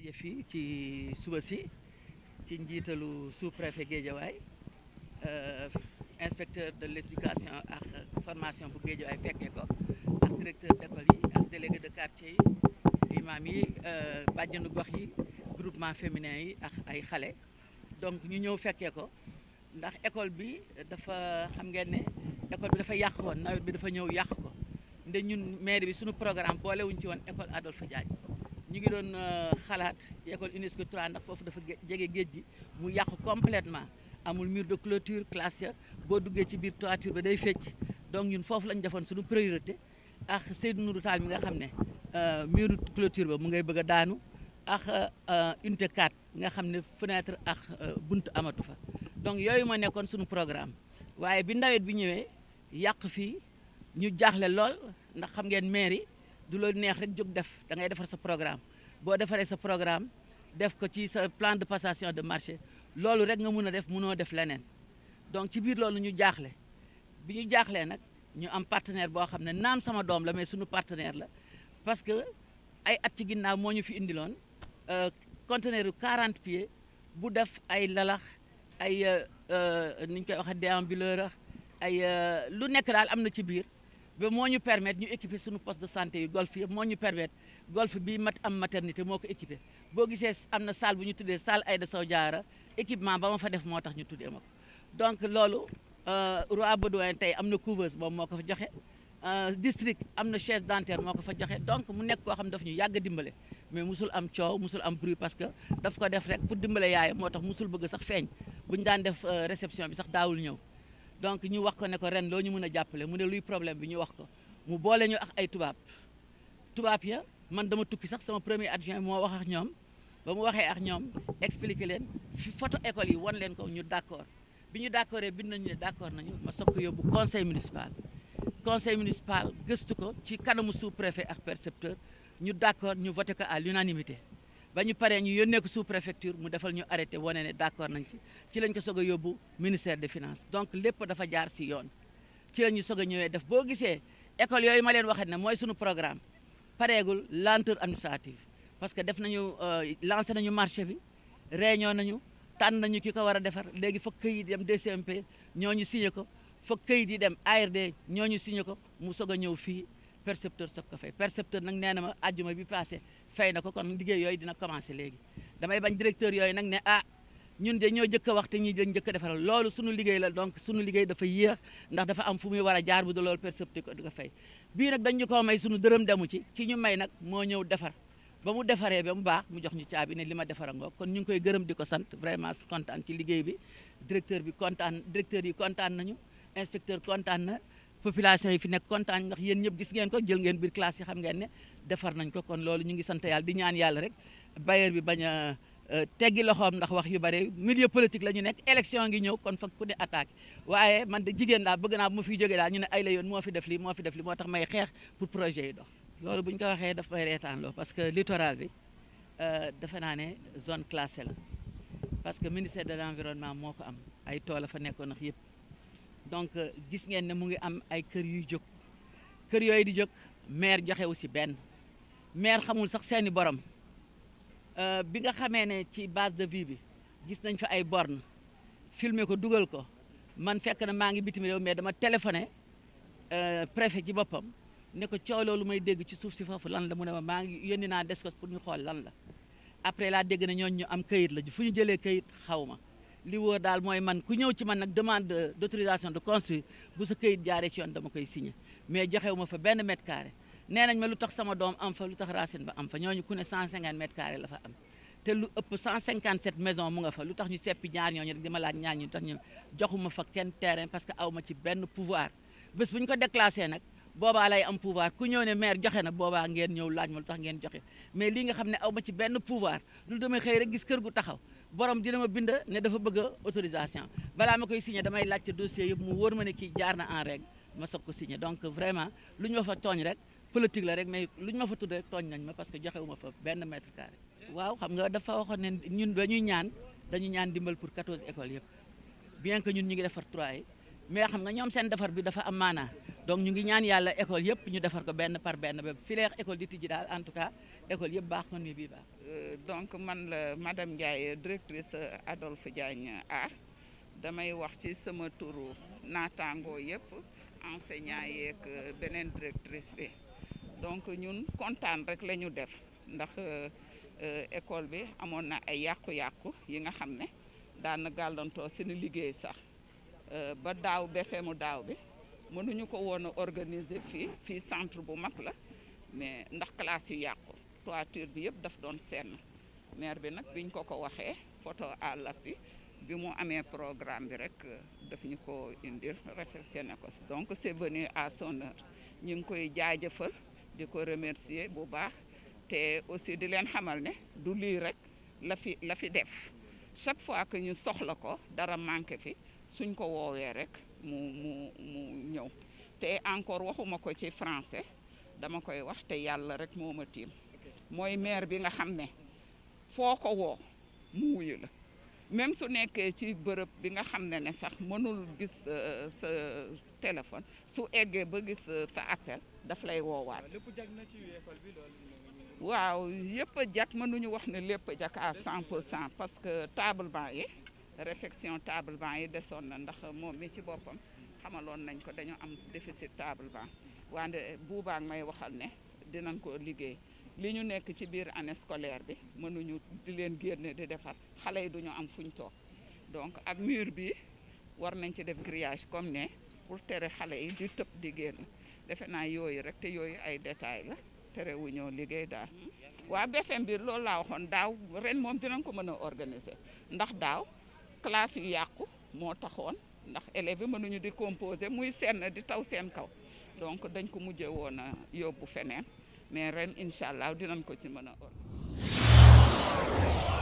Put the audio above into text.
daje fi ci suba si ci njitalu sous-préfet way euh inspecteur de l'éducation ak formation bu way fekkee ko ak directeur d'école yi ak délégué de quartier yi imam yi euh bàjjenu gox yi groupement féminin yi ak ay xalé donc ñu ñëw fekkee ko ndax école bi dafa xam ngeen ne école bi dafa yàq woon nawet bi dafa ñëw yàq ko nde ñun maire bi suñu programme bolé wuñ ci won école Adolphe Diagne ñu ngi doon euh, xalaat école UNESCO 3 ndax foofu dafa jege géej gi mu yàqu complètement amul mur de clôture classe ya boo duggee ci biir toiture ba day fecc donc ñun foofu lañ defoon suñu priorité ak Seydou Nourou Tall mi nga xam ne euh, muru clôture ba mu ngay bëgg a daanu ak euh, unité 4 nga xam ne fenêtre ak bunt amatu fa donc yooyu ma nekkoon suñu programme waaye bi ndawet bi ñëwee yàq fii ñu jaaxle lool ndax xam ngeen mairie du la neex rek jóg def da ngay defar sa programme boo defaree sa programme def ko ci sa plan de passation de marché loolu rek nga mun a def munoo def leneen donc ci biir loolu ñu jaaxle bi ñu jaaxlee nag ñu am partenaire boo xam ne naam sama doom la mais suñu partenaire la parce que ay at ci ginnaaw moo ñu fi indiloon euh, conteneur yu 40 pieds bu def ay lalax ay euh, euh, nu ñu koy waxee déambuleur ay lu nekk daal am na ci biir. ba moo ñu permettre ñu équiper suñu poste de santé yi golf yëpp moo ñu permettre golf bi mat am maternité moo ko équiper boo gisee am na salle bu ñu tuddee salle Aïda Sow Diawara équipement ba ma fa def moo tax ñu tuddee ma ko donc loolu euh, Roi Baudouin tey am na couveuse boobu moo ko fa joxe euh, district am na chaise dentaire moo ko fa joxe donc mu nekk koo xam daf ñu yàgg dimbale mais musul am coow musul am bruit parce que daf ko def rek pour dimbale yaayam moo tax musul bëgg sax feeñ bu ñu daan def euh, réception bi sax daawul ñëw donc nous wax ko ne ko ren loo ñu problème bi ñu wax ko mu ñu ak ay ya man dama premier adjoint wax ak ak photo école yi d'accord bi ñu d'accord nañu conseil municipal conseil municipal gëstu ko ci préfet percepteur ñu d'accord ñu voté à l'unanimité ba ñu paree ñu yónnee ko sous préfecture mu defal ñu arrêté wane ne d' accord nañ ci ci lañ ko sog a yóbbu ministère de finance donc lépp dafa jaar si yoon ci la ñu soog a ñëwee def boo gisee école yooyu ma leen waxee ne mooy suñu programme pareegul lenteur administrative parce que def nañu euh, lancé nañu marché bi réunion nañu tànn nañu ki ko war a defar léegi fokk foog këyit dem ñoo ñu signé ko foog këyit yi dem ñoo ñu signé ko mu soog a ñëw fii percepteur soog ko fay percepteur nag nee na ma àjjuma bi passé fay na ko kon liggéey yooyu dina commencé léegi damay bañ directeur yooyu nag ne ah ñun de ñoo jëkk a wax te ñi dañ jëkk a defaral loolu sunu liggéey la donc sunu liggéey dafa yéex ndax dafa am fu muy war a jaar bu de loolu percepti ko di ko fay bii nag dañu ko may sunu dërëm demu ci ki ñu may nag moo ñëw defar ba mu defaree ba mu baax mu jox ñu caabi ne li ma defar ngoo kon ñu ngi koy gërëm di ko sant vraiment kontaan ci liggéey bi directeur bi kontaan directeur yi kontaan nañu inspecteur kontaan na population yi fi nekk kontaan ndax yéen ñëpp gis ngeen ko jël ngeen biir classe yi xam ngeen ne defar nañ ko kon loolu ñu ngi sant yàlla di ñaan yàlla rek bailleur bi bañ euh, teggi loxoom ndax wax yu bare milieu politique la ñu nekk élection ngi ñëw kon fa ku ne attaque waaye man de jigéen daal bëgg naa bu fi fiy jógee daal ñu ne ay la yoon moo fi def lii moo fi def li moo tax may xeex pour projet yi dox loolu bu ñu ko waxee daf may reetaan loo parce que littoral bi euh, defe naa ne zone classée la parce que ministère de l'environnement moo ko am ay tool la fa nekkoon ndax yëpp donc euh, gis ngeen ne mu ngi am ay kër yuy jóg kër yooyu di jóg maire joxewu si benn maire xamul sax seeni borom euh, bi nga xamee ne ci base de vie bi gis nañ fa ay born filmer ko dugal ko man fekk na maa ngi bitim réew mais dama téléphoné euh, préfet ci boppam ne ko coow loolu may dégg ci suuf si foofu lan la mu ne ma maa ngi yónni naa descos pour ñu xool lan la après laa dégg na ñooñu ñu am kayit la fu ñu jëlee kayit xaw ma li wóor daal mooy man ku ñëw ci man nag demande d'autorisation de construire bu sa kayit jaaree ci yoon dama koy signé mais joxewu ma fa benn mètre carré nee nañ ma lu tax sama doom am fa lu tax racine ba am fa ñooñu ku ne 150 mètre carré la fa am te lu ëpp 157 maison mu nga fa lu tax ñu seppi ñaar ñooñu rek dama laaj ñaar tax ñu joxuma fa kenn terrain parce que aw ma ci benn pouvoir bés bu ñu ko déclassé nag boobaa lay am pouvoir ku ñëw ne maire joxe na boobaa ngeen ñëw laaj ma lu tax ngeen joxe mais lii nga xam ne aw ma ci benn pouvoir lu demee xëy rek gis kër gu taxaw borom dina ma bind ne dafa bëgg autorisation balaa ma koy signé damay laajte dossier yëpp mu wóor ma ne kii jaar na en règle ma soog ko signé donc vraiment lu ñu ma fa tooñ rek politique la rek mais lu ñu ma fa tudd rek tooñ nañ ma parce que joxew ma fa benn mètre carré waaw xam nga dafa waxoon ne ñun dañuy ñaan dañu ñaan dimbal pour 14 écoles yëpp bien que ñun ñu ngi defar 3 yi mais xam nga ñoom seen defar bi dafa am maanaa donc ñu ngi ñaan yàlla école yépp ñu defar ko benn par benn ba fileex école di tijji daal en tout cas école yépp baax man mi bii baax euh, donc man la madame Ndiaye directrice Adolphe Diagne A damay wax ci sama turu naataangoo yépp enseignant yeeg euh, beneen directrice bi donc ñun kontaan rek la ñu def ndax euh, école bi amoon na ay yàqu-yàqu yi nga xam ne daan na gàllantoo seen liggéey sax ba be. befeemu daaw bi mënuñu ko woon a organiser fii fii centre bu mag la mais ndax classe yu yàqu toiture bi yëpp daf doon senn maire bi nag biñ ko ko waxee photo à l'appui bi mu amee programme bi rek daf ñu ko indil réflexionné ko donc c'est venu à son ñu ngi koy jaajëfal di ko remercier bu baax te aussi di leen xamal ne du lii rek la fi la fi def chaque fois que ñu soxla ko dara manqué fi suñ ko woowee rek mu mu mu ñëw te encore waxuma ko ci français dama koy wax te yàlla rek moo ma tiim mooy maire bi nga xam ne foo ko woo mu wuyu la même su nekkee ci bërëb bi nga xam ne ne sax mënul gis euh, sa téléphone su eggee ba gis euh, sa appel daf lay woowaat waaw yëpp a jag mënuñu wax ne lépp a jag à cent pour cent parce que table banc yi réfection table banc yi desoon na ndax moom mi ci boppam xamaloon nañ ko dañoo am déficit table banc wante buubaak may waxal ne dinañ ko liggéey li ñu nekk ci biir année scolaire bi mënuñu di leen génne di defar xale yi du duñu am fuñ toog donc ak mur bi war nañ ci def grillage comme ne pour tere xale yi di tëb di génn defe naa yooyu rek te yooyu ay détail la tere wu ñoo liggéey daal mm-hmm. waa BFM bi loolu laa waxoon daaw ren moom dinañ ko mën a organiser ndax daaw classe yu yàqu moo taxoon ndax élèves yi mënuñu di composé muy senn di taw seen kaw donc dañ ko mujje woon a yóbbu feneen mais ren incha allah dinañ ko ci mën a